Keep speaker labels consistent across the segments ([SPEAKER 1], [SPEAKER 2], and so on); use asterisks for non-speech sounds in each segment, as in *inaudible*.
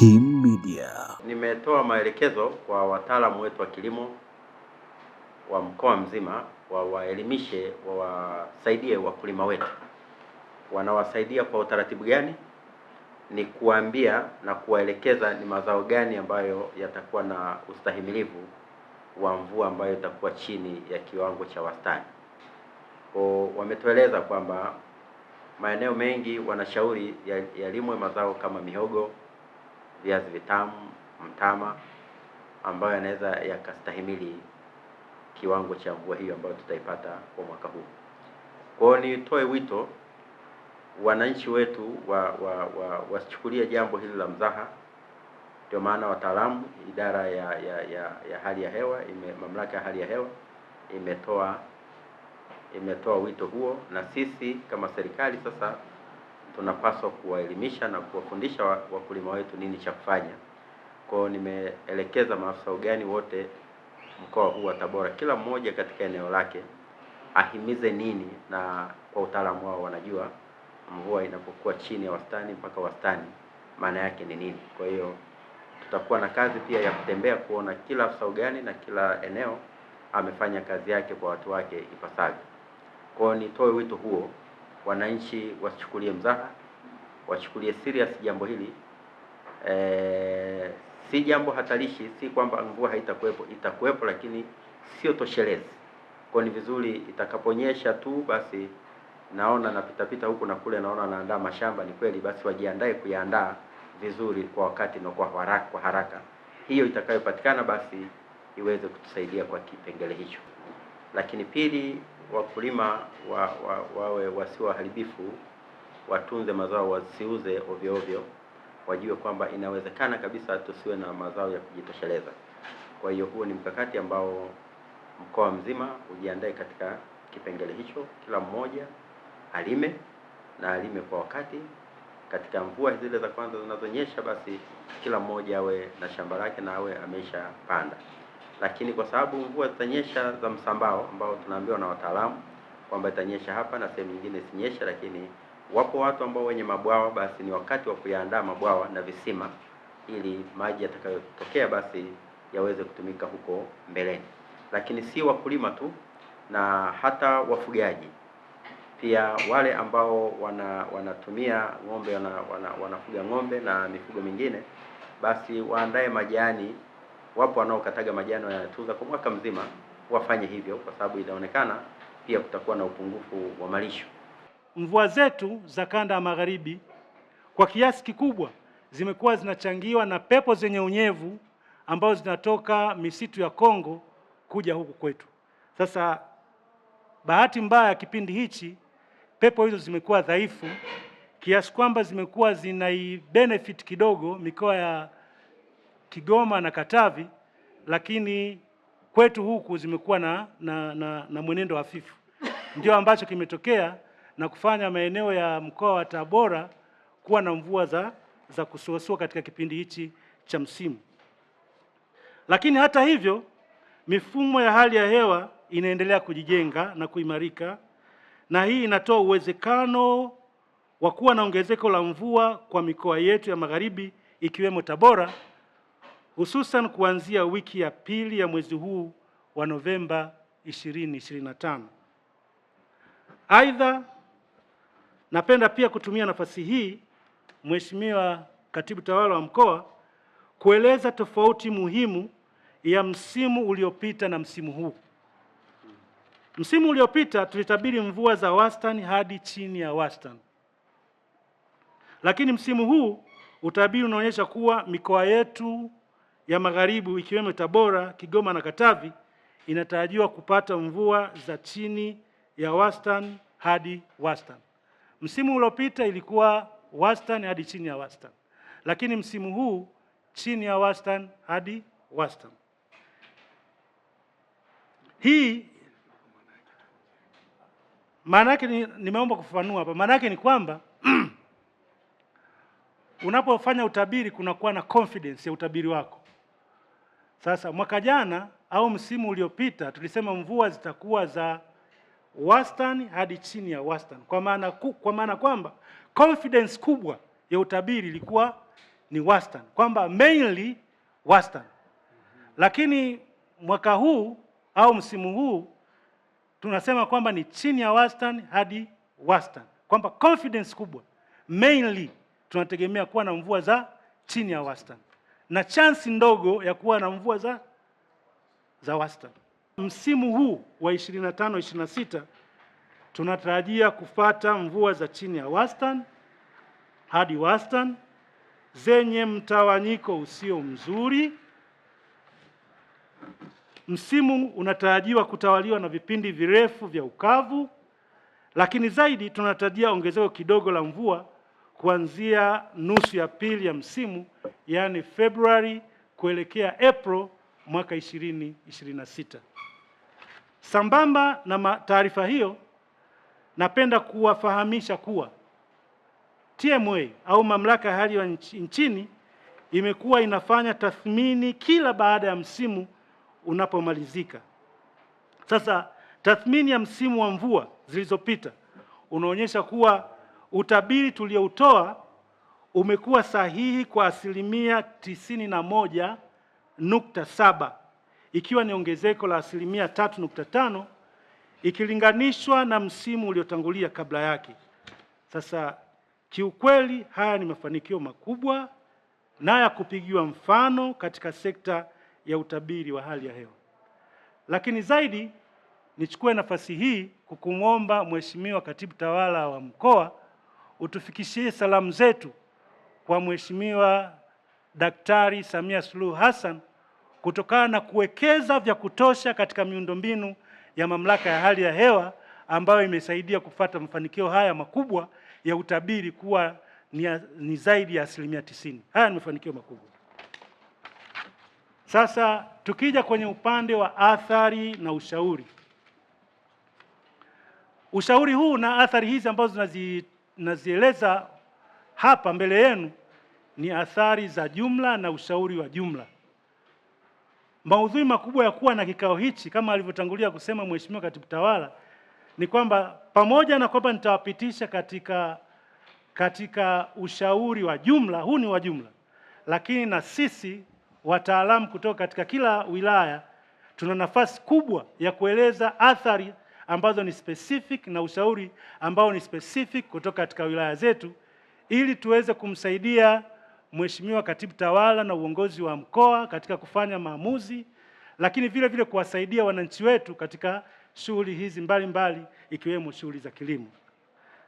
[SPEAKER 1] Kim Media. Nimetoa maelekezo kwa wataalamu wetu wa kilimo wa mkoa mzima wawaelimishe, wawasaidie wakulima wetu. Wanawasaidia kwa utaratibu gani? Ni kuambia na kuwaelekeza ni mazao gani ambayo yatakuwa na ustahimilivu wa mvua ambayo itakuwa chini ya kiwango cha wastani. Kwa wametueleza kwamba maeneo mengi wanashauri yalimwe ya mazao kama mihogo viazi vitamu, mtama ambayo yanaweza yakastahimili kiwango cha mvua hiyo ambayo tutaipata kwa mwaka huu. Kwa hiyo nitoe wito wananchi wetu wa wa wa, wa jambo hili la mzaha. Ndio maana wataalamu idara ya ya, ya ya hali ya hewa ime, mamlaka ya hali ya hewa imetoa imetoa wito huo, na sisi kama serikali sasa tunapaswa kuwaelimisha na kuwafundisha wakulima wetu nini cha kufanya. Kwao nimeelekeza maafisa ugani wote mkoa huu wa Tabora, kila mmoja katika eneo lake ahimize nini, na kwa utaalamu wao wanajua mvua inapokuwa chini ya wastani mpaka wastani maana yake ni nini. Kwa hiyo tutakuwa na kazi pia ya kutembea kuona kila afisa ugani na kila eneo amefanya kazi yake kwa watu wake ipasavyo. hiyo nitoe wito huo wananchi wasichukulie mzaha, wachukulie serious jambo hili e, si jambo hatarishi, si kwamba mvua haitakuwepo, itakuwepo, lakini sio toshelezi. Kwa ni vizuri itakaponyesha tu basi, naona napitapita huku na kule, naona naandaa mashamba, ni kweli, basi wajiandae kuyaandaa vizuri kwa wakati na kwa haraka, kwa haraka hiyo itakayopatikana basi iweze kutusaidia kwa kipengele hicho, lakini pili wakulima wa, wa, wawe wasio waharibifu, watunze mazao, wasiuze ovyo ovyo, wajue kwamba inawezekana kabisa tusiwe na mazao ya kujitosheleza. Kwa hiyo huo ni mkakati ambao mkoa mzima ujiandae katika kipengele hicho, kila mmoja alime na alime kwa wakati. Katika mvua zile za kwanza zinazonyesha, basi kila mmoja awe na shamba lake na awe ameshapanda lakini kwa sababu mvua zitanyesha za msambao ambao tunaambiwa na wataalamu kwamba itanyesha hapa na sehemu nyingine sinyesha lakini wapo watu ambao wenye mabwawa, basi ni wakati wa kuyaandaa mabwawa na visima ili maji yatakayotokea basi yaweze kutumika huko mbeleni. Lakini si wakulima tu, na hata wafugaji pia, wale ambao wana wanatumia ng'ombe, wana, wana, wanafuga ng'ombe na mifugo mingine, basi waandae majani Wapo wanaokataga majano ya TUZA kwa mwaka mzima, wafanye hivyo kwa sababu inaonekana pia kutakuwa na upungufu wa malisho.
[SPEAKER 2] Mvua zetu za kanda ya magharibi kwa kiasi kikubwa zimekuwa zinachangiwa na pepo zenye unyevu ambazo zinatoka misitu ya Kongo kuja huku kwetu. Sasa bahati mbaya ya kipindi hichi pepo hizo zimekuwa dhaifu kiasi kwamba zimekuwa zinaibenefit kidogo mikoa ya Kigoma na Katavi, lakini kwetu huku zimekuwa na, na, na, na mwenendo hafifu. Ndio ambacho kimetokea na kufanya maeneo ya mkoa wa Tabora kuwa na mvua za, za kusuasua katika kipindi hichi cha msimu. Lakini hata hivyo, mifumo ya hali ya hewa inaendelea kujijenga na kuimarika, na hii inatoa uwezekano wa kuwa na ongezeko la mvua kwa mikoa yetu ya magharibi ikiwemo Tabora hususan kuanzia wiki ya pili ya mwezi huu wa Novemba 2025. Aidha, napenda pia kutumia nafasi hii Mheshimiwa Katibu Tawala wa Mkoa kueleza tofauti muhimu ya msimu uliopita na msimu huu. Msimu uliopita tulitabiri mvua za wastani hadi chini ya wastani, lakini msimu huu utabiri unaonyesha kuwa mikoa yetu ya magharibi ikiwemo Tabora, Kigoma na Katavi inatarajiwa kupata mvua za chini ya wastani hadi wastani. Msimu uliopita ilikuwa wastani hadi chini ya wastani, lakini msimu huu chini ya wastani hadi wastani. Hii maana yake ni, nimeomba kufafanua hapa. Maana yake ni kwamba *clears throat* unapofanya utabiri kunakuwa na confidence ya utabiri wako. Sasa mwaka jana au msimu uliopita tulisema mvua zitakuwa za wastani hadi chini ya wastani, kwa maana kwa maana kwamba confidence kubwa ya utabiri ilikuwa ni wastani, kwamba mainly wastani. Lakini mwaka huu au msimu huu tunasema kwamba ni chini ya wastani hadi wastani, kwamba confidence kubwa mainly tunategemea kuwa na mvua za chini ya wastani na chansi ndogo ya kuwa na mvua za, za wastani. Msimu huu wa 25 26 tunatarajia kufata mvua za chini ya wastani hadi wastani zenye mtawanyiko usio mzuri. Msimu unatarajiwa kutawaliwa na vipindi virefu vya ukavu, lakini zaidi tunatarajia ongezeko kidogo la mvua kuanzia nusu ya pili ya msimu, yaani Februari kuelekea April mwaka 2026. Sambamba na taarifa hiyo, napenda kuwafahamisha kuwa TMA au mamlaka ya hali ya nchini imekuwa inafanya tathmini kila baada ya msimu unapomalizika. Sasa tathmini ya msimu wa mvua zilizopita unaonyesha kuwa utabiri tulioutoa umekuwa sahihi kwa asilimia tisini na moja nukta saba ikiwa ni ongezeko la asilimia tatu nukta tano ikilinganishwa na msimu uliotangulia kabla yake. Sasa kiukweli, haya ni mafanikio makubwa na ya kupigiwa mfano katika sekta ya utabiri wa hali ya hewa. Lakini zaidi nichukue nafasi hii kukumwomba Mheshimiwa Katibu Tawala wa Mkoa utufikishie salamu zetu kwa Mheshimiwa Daktari Samia Suluhu Hassan kutokana na kuwekeza vya kutosha katika miundombinu ya Mamlaka ya Hali ya Hewa ambayo imesaidia kupata mafanikio haya makubwa ya utabiri kuwa ni, ni zaidi ya asilimia tisini. Haya ni mafanikio makubwa. Sasa tukija kwenye upande wa athari na ushauri, ushauri huu na athari hizi ambazo tunazi nazieleza hapa mbele yenu ni athari za jumla na ushauri wa jumla. Maudhui makubwa ya kuwa na kikao hichi kama alivyotangulia kusema Mheshimiwa Katibu Tawala ni kwamba pamoja na kwamba nitawapitisha katika katika ushauri wa jumla, huu ni wa jumla, lakini na sisi wataalamu kutoka katika kila wilaya tuna nafasi kubwa ya kueleza athari ambazo ni specific na ushauri ambao ni specific kutoka katika wilaya zetu ili tuweze kumsaidia Mheshimiwa Katibu Tawala na uongozi wa mkoa katika kufanya maamuzi, lakini vile vile kuwasaidia wananchi wetu katika shughuli hizi mbalimbali ikiwemo shughuli za kilimo.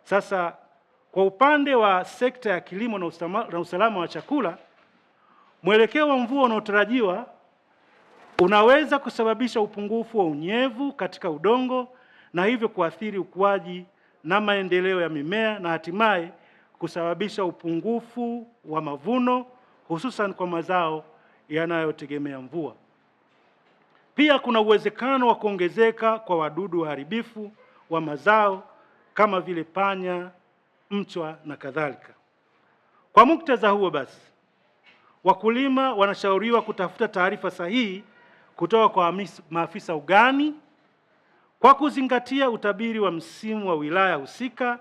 [SPEAKER 2] Sasa kwa upande wa sekta ya kilimo na usalama, na usalama wa chakula, mwelekeo wa mvua unaotarajiwa unaweza kusababisha upungufu wa unyevu katika udongo na hivyo kuathiri ukuaji na maendeleo ya mimea na hatimaye kusababisha upungufu wa mavuno hususan kwa mazao yanayotegemea mvua. Pia kuna uwezekano wa kuongezeka kwa wadudu waharibifu wa mazao kama vile panya, mchwa na kadhalika. Kwa muktadha huo basi, wakulima wanashauriwa kutafuta taarifa sahihi kutoka kwa maafisa ugani kwa kuzingatia utabiri wa msimu wa wilaya husika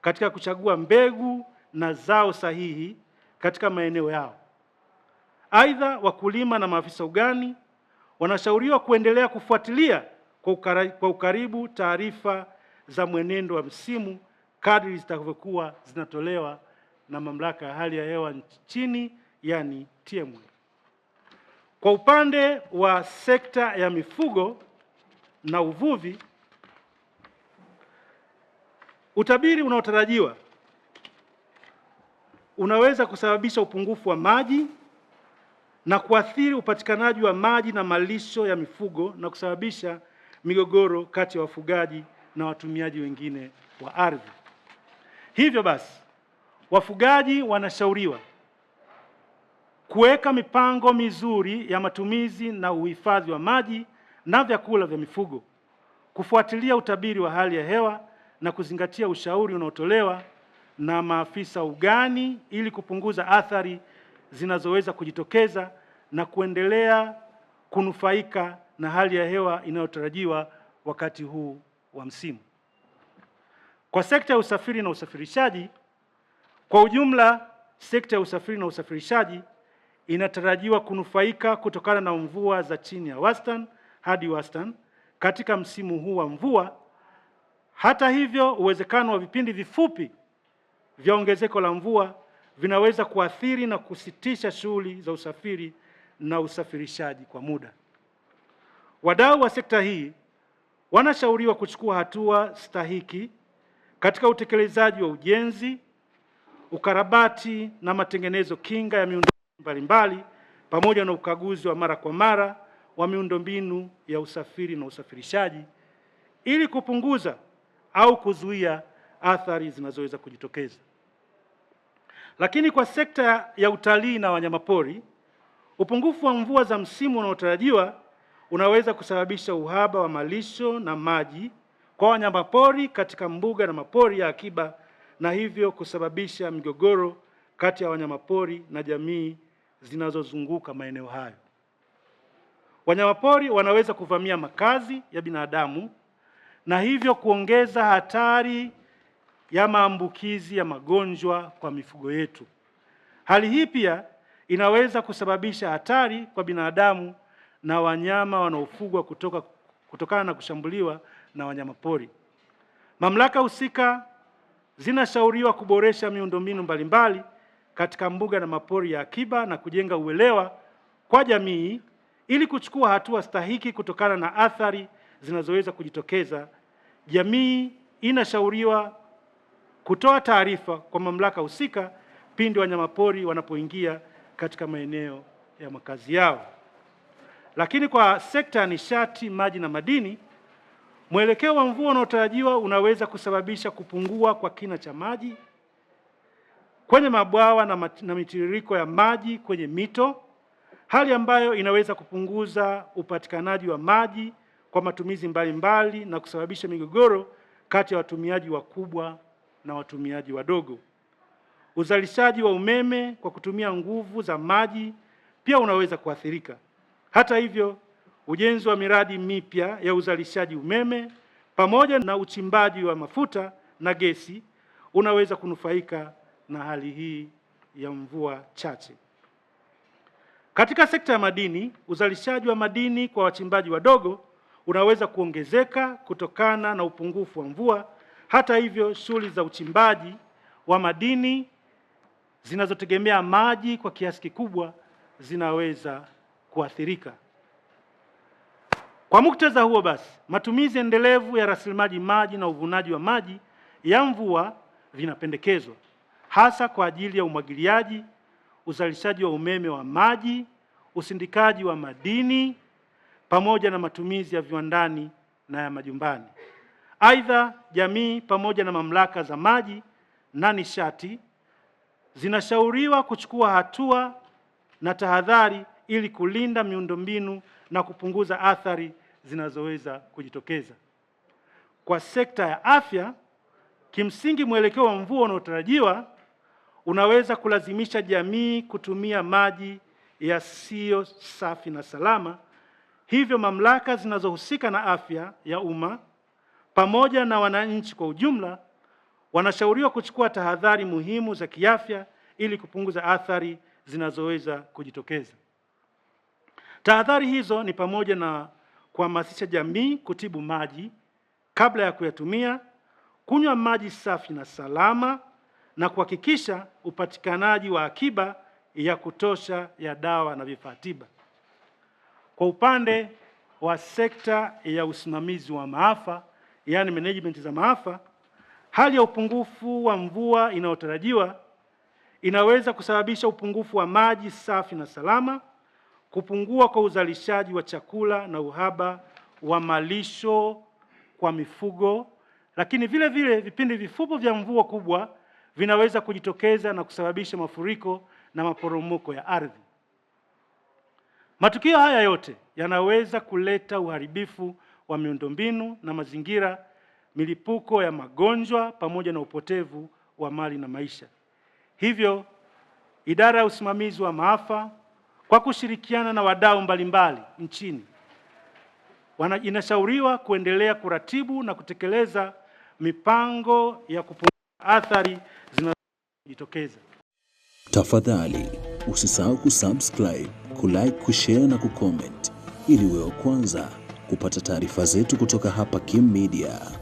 [SPEAKER 2] katika kuchagua mbegu na zao sahihi katika maeneo yao. Aidha, wakulima na maafisa ugani wanashauriwa kuendelea kufuatilia kwa ukaribu taarifa za mwenendo wa msimu kadri zitakavyokuwa zinatolewa na Mamlaka ya Hali ya Hewa nchini, yani TMA. Kwa upande wa sekta ya mifugo na uvuvi, utabiri unaotarajiwa unaweza kusababisha upungufu wa maji na kuathiri upatikanaji wa maji na malisho ya mifugo na kusababisha migogoro kati ya wafugaji na watumiaji wengine wa ardhi. Hivyo basi, wafugaji wanashauriwa kuweka mipango mizuri ya matumizi na uhifadhi wa maji na vyakula vya mifugo, kufuatilia utabiri wa hali ya hewa na kuzingatia ushauri unaotolewa na maafisa ugani ili kupunguza athari zinazoweza kujitokeza na kuendelea kunufaika na hali ya hewa inayotarajiwa wakati huu wa msimu. Kwa sekta ya usafiri na usafirishaji kwa ujumla, sekta ya usafiri na usafirishaji inatarajiwa kunufaika kutokana na mvua za chini ya wastani hadi wastani katika msimu huu wa mvua. Hata hivyo, uwezekano wa vipindi vifupi vya ongezeko la mvua vinaweza kuathiri na kusitisha shughuli za usafiri na usafirishaji kwa muda. Wadau wa sekta hii wanashauriwa kuchukua hatua stahiki katika utekelezaji wa ujenzi, ukarabati na matengenezo kinga ya miundo mbalimbali pamoja na ukaguzi wa mara kwa mara wa miundombinu ya usafiri na usafirishaji ili kupunguza au kuzuia athari zinazoweza kujitokeza. Lakini kwa sekta ya utalii na wanyamapori, upungufu wa mvua za msimu unaotarajiwa unaweza kusababisha uhaba wa malisho na maji kwa wanyamapori katika mbuga na mapori ya akiba na hivyo kusababisha migogoro kati ya wanyamapori na jamii zinazozunguka maeneo hayo. Wanyamapori wanaweza kuvamia makazi ya binadamu na hivyo kuongeza hatari ya maambukizi ya magonjwa kwa mifugo yetu. Hali hii pia inaweza kusababisha hatari kwa binadamu na wanyama wanaofugwa kutoka kutokana na kushambuliwa na wanyamapori. Mamlaka husika zinashauriwa kuboresha miundombinu mbalimbali katika mbuga na mapori ya akiba na kujenga uelewa kwa jamii ili kuchukua hatua stahiki kutokana na athari zinazoweza kujitokeza, jamii inashauriwa kutoa taarifa kwa mamlaka husika pindi wanyamapori wanapoingia katika maeneo ya makazi yao. Lakini kwa sekta ya nishati, maji na madini, mwelekeo wa mvua unaotarajiwa unaweza kusababisha kupungua kwa kina cha maji kwenye mabwawa na, na mitiririko ya maji kwenye mito hali ambayo inaweza kupunguza upatikanaji wa maji kwa matumizi mbalimbali mbali, na kusababisha migogoro kati ya watumiaji wakubwa na watumiaji wadogo. Uzalishaji wa umeme kwa kutumia nguvu za maji pia unaweza kuathirika. Hata hivyo, ujenzi wa miradi mipya ya uzalishaji umeme pamoja na uchimbaji wa mafuta na gesi unaweza kunufaika na hali hii ya mvua chache. Katika sekta ya madini, uzalishaji wa madini kwa wachimbaji wadogo unaweza kuongezeka kutokana na upungufu wa mvua. Hata hivyo, shughuli za uchimbaji wa madini zinazotegemea maji kwa kiasi kikubwa zinaweza kuathirika. Kwa muktadha huo basi, matumizi endelevu ya rasilimali maji na uvunaji wa maji ya mvua vinapendekezwa hasa kwa ajili ya umwagiliaji uzalishaji wa umeme wa maji, usindikaji wa madini pamoja na matumizi ya viwandani na ya majumbani. Aidha, jamii pamoja na mamlaka za maji na nishati zinashauriwa kuchukua hatua na tahadhari ili kulinda miundombinu na kupunguza athari zinazoweza kujitokeza. Kwa sekta ya afya, kimsingi mwelekeo wa mvua unaotarajiwa unaweza kulazimisha jamii kutumia maji yasiyo safi na salama. Hivyo mamlaka zinazohusika na afya ya umma pamoja na wananchi kwa ujumla wanashauriwa kuchukua tahadhari muhimu za kiafya ili kupunguza athari zinazoweza kujitokeza. Tahadhari hizo ni pamoja na kuhamasisha jamii kutibu maji kabla ya kuyatumia, kunywa maji safi na salama na kuhakikisha upatikanaji wa akiba ya kutosha ya dawa na vifaa tiba. Kwa upande wa sekta ya usimamizi wa maafa, yani management za maafa, hali ya upungufu wa mvua inayotarajiwa inaweza kusababisha upungufu wa maji safi na salama, kupungua kwa uzalishaji wa chakula na uhaba wa malisho kwa mifugo, lakini vile vile vipindi vifupi vya mvua kubwa vinaweza kujitokeza na kusababisha mafuriko na maporomoko ya ardhi. Matukio haya yote yanaweza kuleta uharibifu wa miundombinu na mazingira, milipuko ya magonjwa pamoja na upotevu wa mali na maisha. Hivyo, idara ya usimamizi wa maafa kwa kushirikiana na wadau mbalimbali nchini wana, inashauriwa kuendelea kuratibu na kutekeleza mipango ya kupunguza athari zinazojitokeza.
[SPEAKER 3] Tafadhali usisahau kusubscribe, kulike, kushare na kucomment ili uwe wa kwanza kupata taarifa zetu kutoka hapa Kim Media.